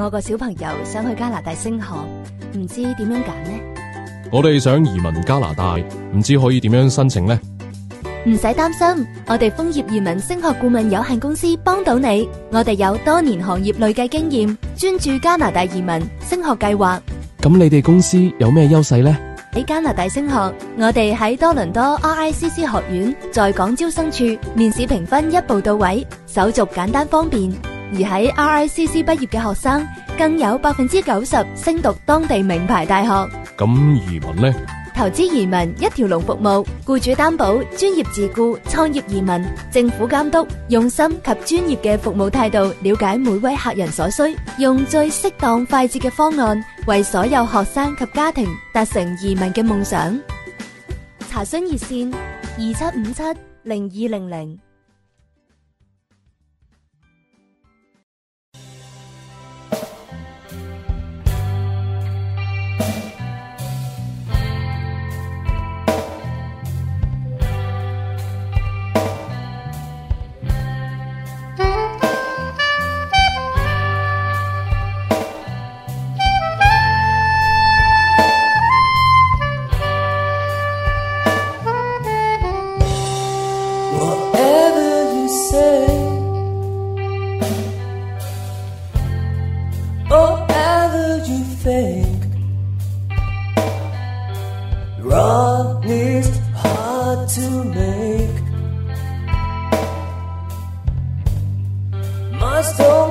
我個小朋友想去加拿大升學，唔知點樣揀呢？我哋想移民加拿大，唔知可以點樣申請呢？唔使擔心，我哋楓葉移民升學顧問有限公司幫到你。我哋有多年行業累計經驗，專注加拿大移民升學計劃。咁你哋公司有咩優勢呢？喺加拿大升學，我哋喺多倫多 RICC 學院在港招生處面試評分一步到位，手續簡單方便。而喺 RICC 畢業嘅學生，更有百分之九十升讀當地名牌大學。咁移民呢？投資移民一條龍服務，僱主擔保、專業自僱、創業移民、政府監督，用心及專業嘅服務態度，了解每位客人所需，用最適當、快捷嘅方案，為所有學生及家庭達成移民嘅夢想。查詢熱線：二七五七零二零零。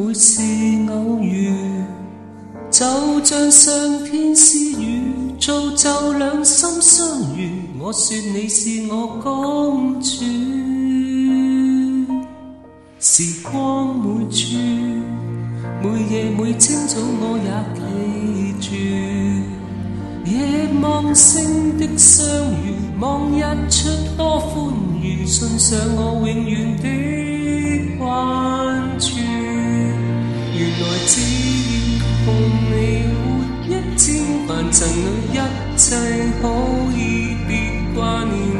每次偶遇，就像上天賜予造就兩心相悅。我説你是我公主，時光每處，每夜每清早我也記住。夜望星的相遇，望日出多歡愉，送上我永遠的關注。只要共你活一天，凡塵裏一切可以別掛念。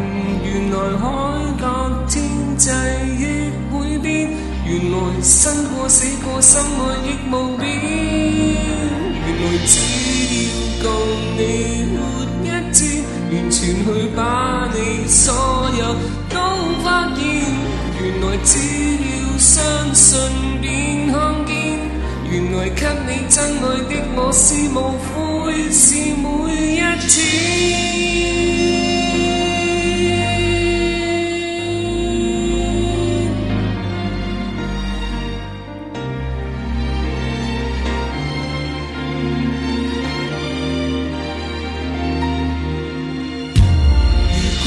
原來海角天際亦會變，原來生過死過心愛亦無變。原來只要共你活一天，完全去把你所有都發現。原來只要相信便看見。原來給你真愛的我是無悔，是每一天。 如果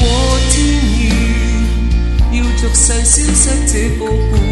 天意要逐世消失這個故事。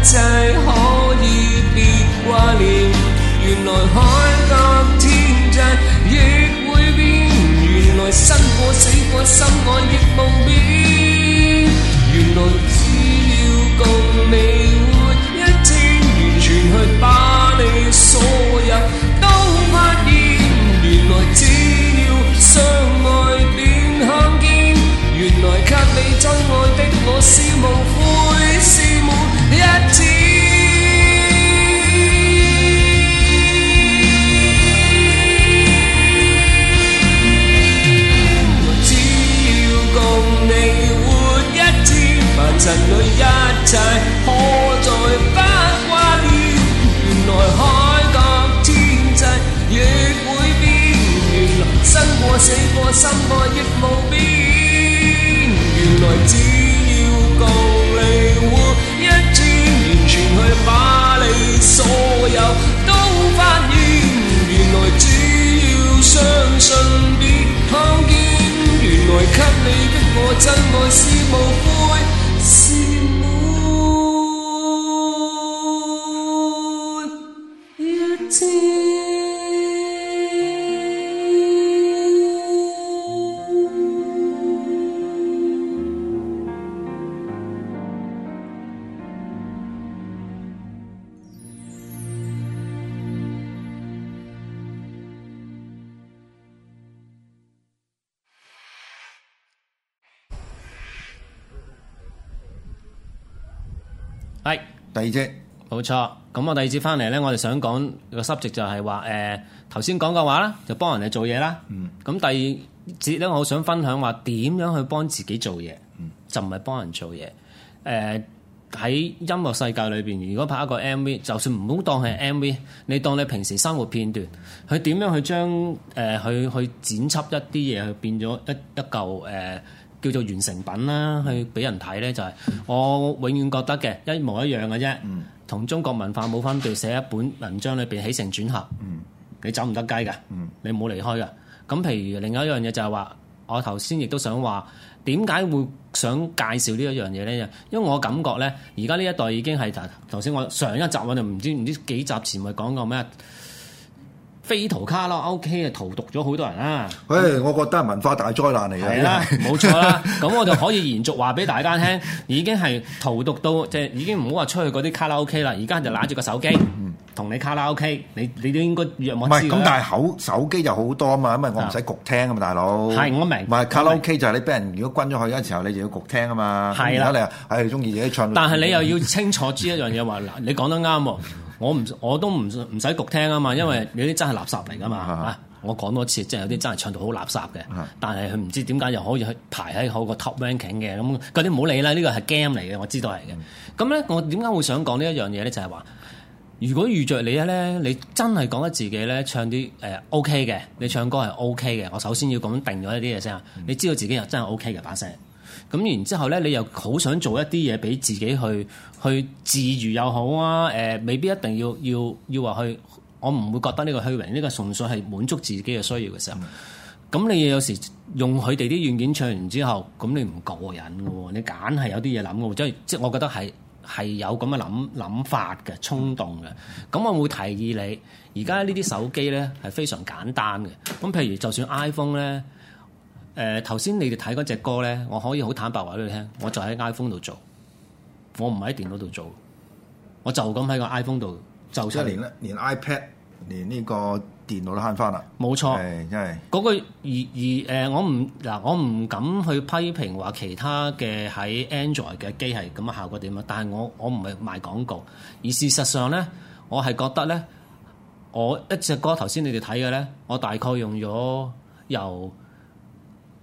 一切可以別掛念，原來海角天際亦會變，原來生過死過，心愛亦無變。係是第二節，冇錯。咁我第二節翻嚟咧，我哋想講個實質就係話，誒，頭先講嘅話啦，就幫人哋做嘢啦。嗯。咁第二節咧，我想分享話點樣去幫自己做嘢。嗯、就唔係幫人做嘢。誒、呃，喺音樂世界裏邊，如果拍一個 MV，就算唔好當係 MV，你當你平時生活片段，佢點樣去將誒，去去剪輯一啲嘢去變咗一一嚿誒。呃叫做完成品啦，去俾人睇咧，就係、是、我永遠覺得嘅一模一樣嘅啫，同中國文化冇分別，寫一本文章，裏面起承轉合，嗯、你走唔得街㗎，嗯、你冇離開㗎。咁譬如另外一樣嘢就係話，我頭先亦都想話點解會想介紹呢一樣嘢咧，因為我感覺咧，而家呢一代已經係頭先我上一集我就唔知唔知幾集前咪講過咩。飛圖卡拉 OK 啊，荼毒咗好多人啊！誒、欸，嗯、我覺得係文化大災難嚟嘅，冇錯啦。咁 我就可以延續話俾大家聽，已經係荼毒到，即係已經唔好話出去嗰啲卡拉 OK 啦，而家就攬住個手機，同你卡拉 OK，你你都應該若無其事咁，但係手手機就好多啊嘛，因為我唔使局聽啊嘛，大佬。係我明白。唔係卡拉 OK 就係你俾人如果關咗去嘅時候，你就要局聽啊嘛。係啦的，你啊，係中意自己唱。但係你又要清楚知一樣嘢話，嗱， 你講得啱。 我唔我都唔唔使焗聽啊嘛，因為有啲真係垃圾嚟噶嘛啊！ 我講多次，即係有啲真係唱到好垃圾嘅， 但係佢唔知點解又可以去排喺好個 top ranking 嘅咁嗰啲唔好理啦。呢個係 game 嚟嘅，我知道係嘅。咁咧， 我點解會想講呢一樣嘢咧？就係、是、話如果遇着你咧，你真係講得自己咧唱啲誒、呃、OK 嘅，你唱歌係 OK 嘅。我首先要咁定咗一啲嘢先啊，你知道自己又真係 OK 嘅把聲。 咁然之後咧，你又好想做一啲嘢俾自己去去治癒又好啊？誒、呃，未必一定要要要話去，我唔會覺得呢個虛榮，呢、這個純粹係滿足自己嘅需要嘅時候。咁、嗯、你有時用佢哋啲軟件唱完之後，咁你唔過癮嘅喎，你揀係有啲嘢諗嘅，即係即係我覺得係係有咁嘅諗諗法嘅衝動嘅。咁我會提議你，而家呢啲手機咧係非常簡單嘅。咁譬如就算 iPhone 咧。誒頭先你哋睇嗰隻歌咧，我可以好坦白話俾你聽，我就喺 iPhone 度做，我唔喺電腦度做，我就咁喺個 iPhone 度就出嚟啦。連 iPad、連呢個電腦都慳翻啦，冇錯，真係嗰個而而誒，我唔嗱我唔敢去批評話其他嘅喺 Android 嘅機係咁嘅效果點啊。但係我我唔係賣廣告，而事實上咧，我係覺得咧，我一隻歌頭先你哋睇嘅咧，我大概用咗由。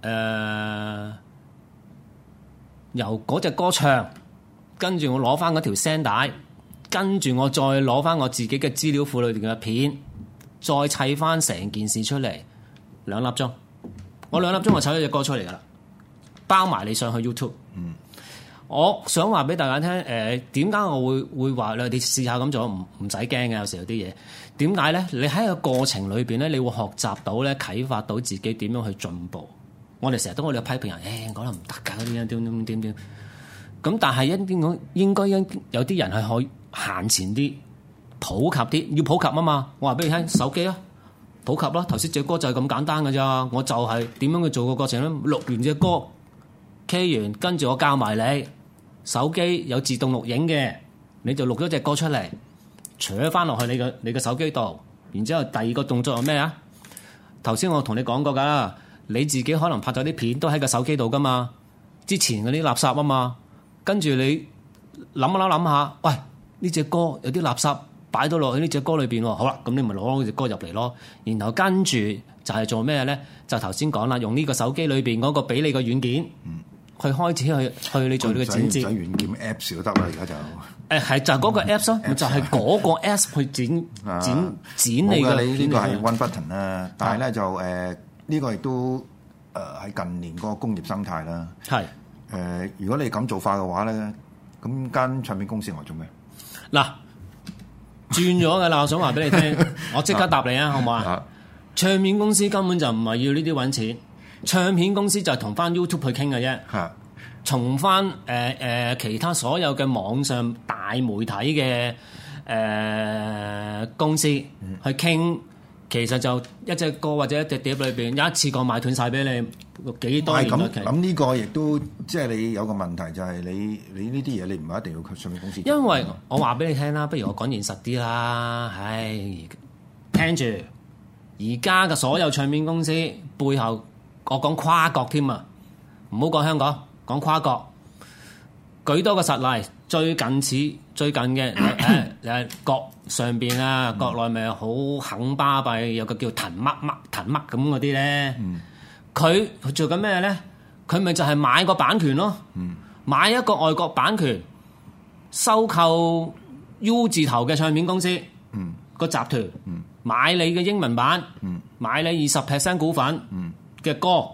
誒、呃，由嗰隻歌唱，跟住我攞翻嗰條聲帶，跟住我再攞翻我自己嘅資料庫裏邊嘅片，再砌翻成件事出嚟，兩粒鐘，我兩粒鐘我炒咗隻歌出嚟噶啦，包埋你上去 YouTube。嗯、我想話俾大家聽，誒、呃，點解我會會話咧？你哋試下咁做，唔唔使驚嘅。有時候有啲嘢，點解呢？你喺個過程裏邊咧，你會學習到呢，啟發到自己點樣去進步。我哋成日都我哋批評人，誒，講得唔得噶？點點點點點，咁，嗯嗯嗯嗯，但係一啲我應該一有啲人係可以行前啲普及啲，要普及啊嘛！我話俾你聽，手機啊，普及啦。頭先隻歌就係咁簡單噶咋，我就係點樣去做個過，過程咧。錄完隻歌，K 完，跟住我教埋你，手機有自動錄影嘅，你就錄咗隻歌出嚟，存咗翻落去你嘅你個手機度。然之後第二個動作係咩啊？頭先我同你講過噶。你自己可能拍咗啲片都喺個手機度㗎嘛，之前嗰啲垃圾啊嘛，跟住你諗一諗諗下，喂呢隻歌有啲垃圾擺到落去呢隻歌裏邊喎，好啦，咁你咪攞呢隻歌入嚟咯，然後跟住就係做咩咧？就頭先講啦，用呢個手機裏邊嗰個俾你個軟件，嗯，去開始去去你做呢個剪接。嗯、軟件 Apps 都得啦，而家就誒係就係嗰個 Apps 咯，就係、是、嗰個 Apps、 啊、APP 去剪剪剪，剪你嘅。啊、你呢個係 One 剪 Button 啦、啊，但係咧、啊、就誒。啊啊啊呢個亦都誒喺近年嗰個工業生態啦，係誒是、呃，如果你咁做法嘅話咧，咁間唱片公司我做咩？嗱，轉咗㗎啦，我想話俾你聽， 我即刻答你啊，好唔好啊？ 唱片公司根本就唔係要呢啲揾錢，唱片公司就係同翻 YouTube 去傾嘅啫，從翻誒誒其他所有嘅網上大媒體嘅誒、呃、公司去傾。其實就一隻歌或者一隻碟裏邊有一次過買斷晒俾你幾多嘢？咁咁呢個亦都即係、就是、你有個問題就係你你呢啲嘢你唔係一定要唱片公司。因為我話俾你聽啦，不如我講現實啲啦，唉，聽住而家嘅所有唱片公司背後，我講跨國添啊，唔好講香港，講跨國。舉多個實例，最近似最近嘅，誒誒國上面啊，國內咪好肯巴閉，有個叫騰乜乜騰乜咁嗰啲咧。佢做緊咩咧？佢咪就係買個版權咯，買一個外國版權，收購 U 字頭嘅唱片公司、嗯、個集團，買你嘅英文版，買你二十 percent 股份嘅歌。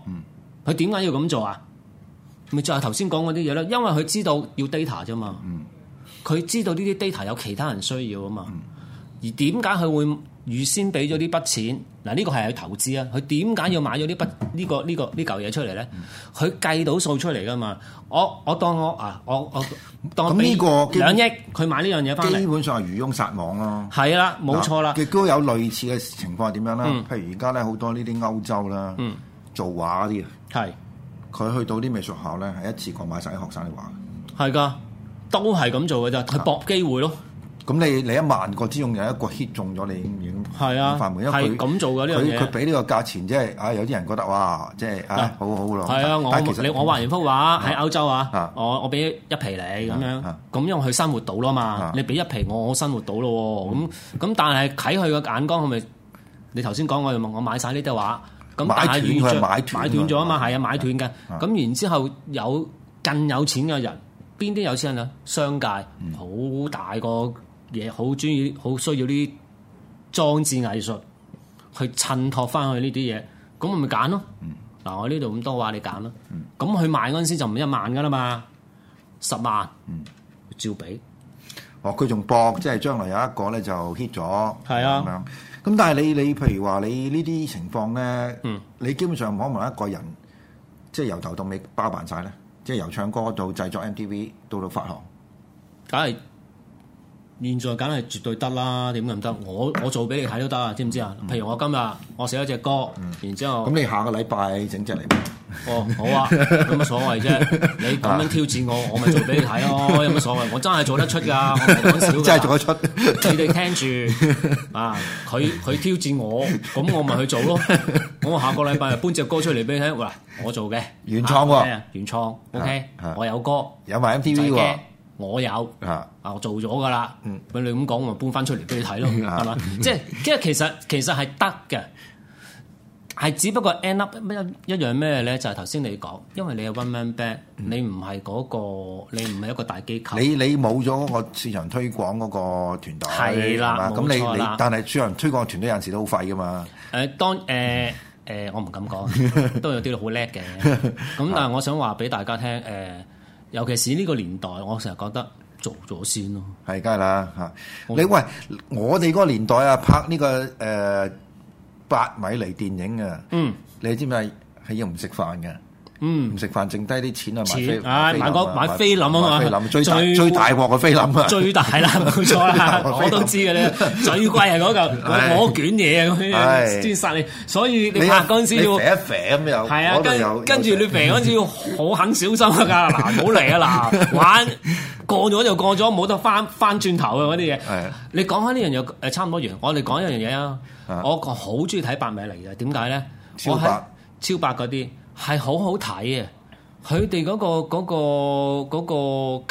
佢點解要咁做啊？咪就係頭先講嗰啲嘢咯，因為佢知道要 data 啫嘛，佢知道呢啲 data 有其他人需要啊嘛。而點解佢會預先俾咗呢筆錢？嗱，呢個係有投資啊。佢點解要買咗呢筆呢、呢個呢、呢個呢嚿嘢出嚟咧？佢計到數出嚟噶嘛？我我當我啊，我我當俾兩億，佢買呢樣嘢翻嚟，基本上係漁翁撒網咯。係啦，冇錯啦。亦都有類似嘅情況係點樣啦？嗯、譬如而家咧好多呢啲歐洲啦，嗯、做畫嗰啲係。佢去到啲美術學校咧，係一次過買晒啲學生啲畫。係噶，都係咁做嘅啫，佢搏機會咯。咁你你一萬個之中，有一個 hit 中咗，你點？係啊，犯、這、賠、個。係咁做噶呢，佢佢俾呢個價錢，即係啊，有啲人覺得哇，即係的啊，好好咯。係啊，我其實你，我畫完幅畫喺歐洲啊，我我俾一皮你咁樣，咁因為佢生活到啦嘛，你俾一皮我，我，、啊啊、我生活到咯喎。咁咁、啊、但係睇佢個眼光係咪？你頭先講我就問我買晒呢啲畫。咁買，買斷佢係買斷咗啊嘛，係啊買斷嘅。咁然之後有更有錢嘅人，邊啲有錢人啊？商界好大個嘢，好專業，好需要啲裝置藝術去襯托翻去呢啲嘢。咁我咪揀咯。嗱，我呢度咁多話，你揀咯。咁佢買嗰陣時就唔係一萬㗎啦嘛，十萬。嗯，照比照畀。哦，佢仲博，即係將來有一個咧就 hit 咗。係啊。咁但係你你譬如話你況呢啲情況咧，嗯、你基本上可唔可能一個人即係由頭到尾包辦晒咧？即係由唱歌到製作 MTV 到到發行，梗係現在梗係絕對得啦！點唔得？我我做俾你睇都得啊？知唔知啊？嗯、譬如我今日我寫一隻歌，嗯、然後之後咁、嗯、你下個禮拜整隻嚟。哦，好啊，有乜所謂啫？你咁樣挑戰我，我咪做俾你睇咯，有乜所謂？我真係做得出噶，我唔講笑。 真係做得出，你哋聽住啊！佢佢挑戰我，咁我咪去做咯。咁、啊、我下個禮拜又搬隻歌出嚟俾你聽。嗱、啊，我做嘅原創喎，原創。OK，、啊啊、我有歌，有埋 MTV 嘅！我有啊。我做咗噶啦。嗯，你咁講，我咪搬翻出嚟俾你睇咯，係嘛、啊？即係即係，其實其實係得嘅。係只不過 end up 一一樣咩咧？就係頭先你講，因為你有 one man band，你唔係嗰個，嗯、你唔係一個大機構你，你你冇咗個市場推廣嗰個團隊，係啦了，咁你你，但係市場推廣團隊有陣時都好廢噶嘛。誒、嗯，當誒誒、呃呃，我唔敢講，都有啲好叻嘅。咁 但係我想話俾大家聽，誒、呃，尤其是呢個年代，我成日覺得做咗先咯、啊。係，梗係啦吓。你喂，我哋嗰個年代、這個呃、啊，拍呢個誒。八米厘電影啊，嗯，你知唔知係用唔食飯嘅，嗯，唔食飯剩低啲錢去買飛，買個買菲林啊嘛，菲林最最大鑊嘅菲林啊，最大啦冇錯啦，我都知嘅咧，最貴係嗰嚿攞卷嘢咁樣，先殺你，所以你拍嗰陣時要，咁又係啊，跟跟住你搲嗰陣時要好肯小心噶，嗱，唔好嚟啊嗱，玩。過咗就過咗，冇得翻翻轉頭啊！嗰啲嘢，你講開呢樣嘢誒，差唔多完。我哋講一樣嘢啊，我好中意睇白名嚟嘅，點解咧？超白超白嗰啲係好好睇啊！佢哋嗰個嗰個嗰個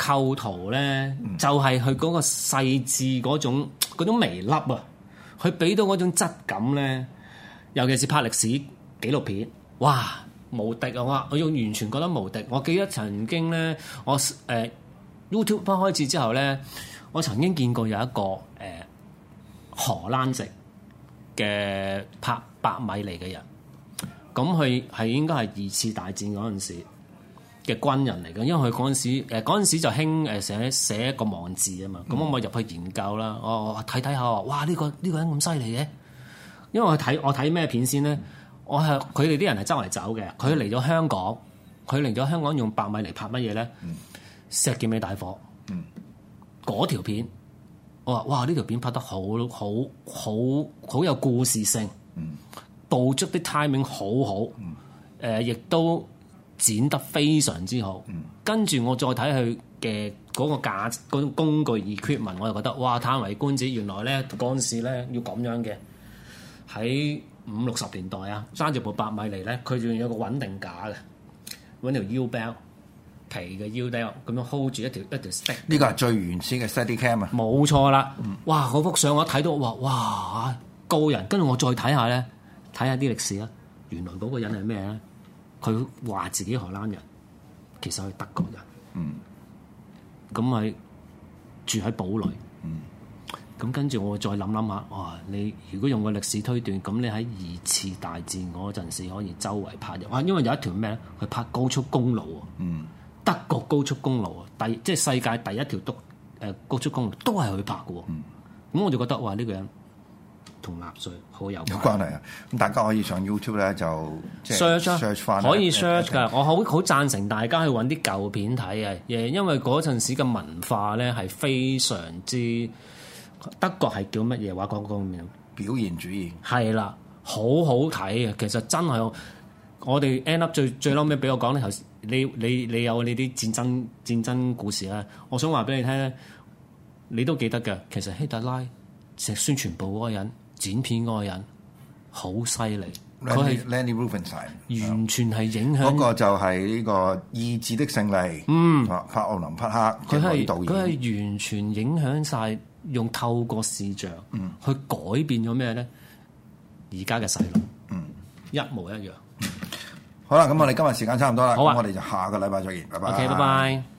構圖咧，就係佢嗰個細緻嗰種嗰種微粒啊！佢俾到嗰種質感咧，尤其是拍歷史紀錄片，哇，無敵啊！我我我完全覺得無敵。我記得曾經咧，我誒。Eh, YouTube 開始之後咧，我曾經見過有一個誒、呃、荷蘭籍嘅拍百米嚟嘅人，咁佢係應該係二次大戰嗰陣時嘅軍人嚟嘅，因為佢嗰陣時誒嗰陣時、呃、就興誒寫寫一個網誌啊嘛，咁、嗯、我入去研究啦，我睇睇下，哇！呢、這個呢、這個人咁犀利嘅，因為我睇我睇咩片先咧，我係佢哋啲人係周圍走嘅，佢嚟咗香港，佢嚟咗香港用百米嚟拍乜嘢咧？嗯石叫咩大火，嗰、嗯、條片，我話：哇！呢條片拍得好好好好有故事性，嗯、捕捉啲 timing 好好，誒、嗯呃、亦都剪得非常之好。嗯、跟住我再睇佢嘅嗰個架嗰種工具而缺文，我就覺得哇！歎為觀止，原來咧嗰陣時咧要咁樣嘅，喺五六十年代啊，揸住部百米嚟咧，佢仲有一個穩定架嘅，揾條 U-bell, 皮嘅腰帶咁樣 hold 住一條一條 stick，呢個係最原始嘅 steady cam 啊！冇錯啦，哇！嗰幅相我一睇到，哇！哇高人，跟住我再睇下咧，睇下啲歷史啊。原來嗰個人係咩咧？佢話自己荷蘭人，其實係德國人。嗯，咁係住喺堡壘。嗯，咁跟住我再諗諗下，哇！你如果用個歷史推斷，咁你喺二次大戰嗰陣時可以周圍拍入，啊，因為有一條咩咧？佢拍高速公路喎。嗯。德國高速公路啊，第即係世界第一條督誒高速公路，都係佢拍嘅喎。咁、嗯、我就覺得哇，呢個人同納粹好有，有關係啊！咁大家可以上 YouTube 咧，就 search search 翻，可以 search 嘅。我好好贊成大家去揾啲舊片睇啊，嘢，因為嗰陣時嘅文化咧係非常之德國係叫乜嘢話？講講咁樣表現主義係啦，好好睇啊。其實真係我哋 end up 最最嬲尾俾我講咧頭。你你你有呢啲戰爭戰爭故事咧、啊？我想話俾你聽咧，你都記得嘅。其實希特拉寫宣傳部嗰個人、剪片嗰個人好犀利，佢係 Leni Riefenstahl L anny, 完全係影響嗰個就係呢個意志的勝利。嗯，拍奧林匹克佢可以導演。佢係完全影響晒，用透過視像去改變咗咩咧？而家嘅細路，嗯，一模一樣。 好啦，咁好、啊、我哋今日時間差唔多啦，咁我哋就下個禮拜再見，拜拜。OK，拜拜。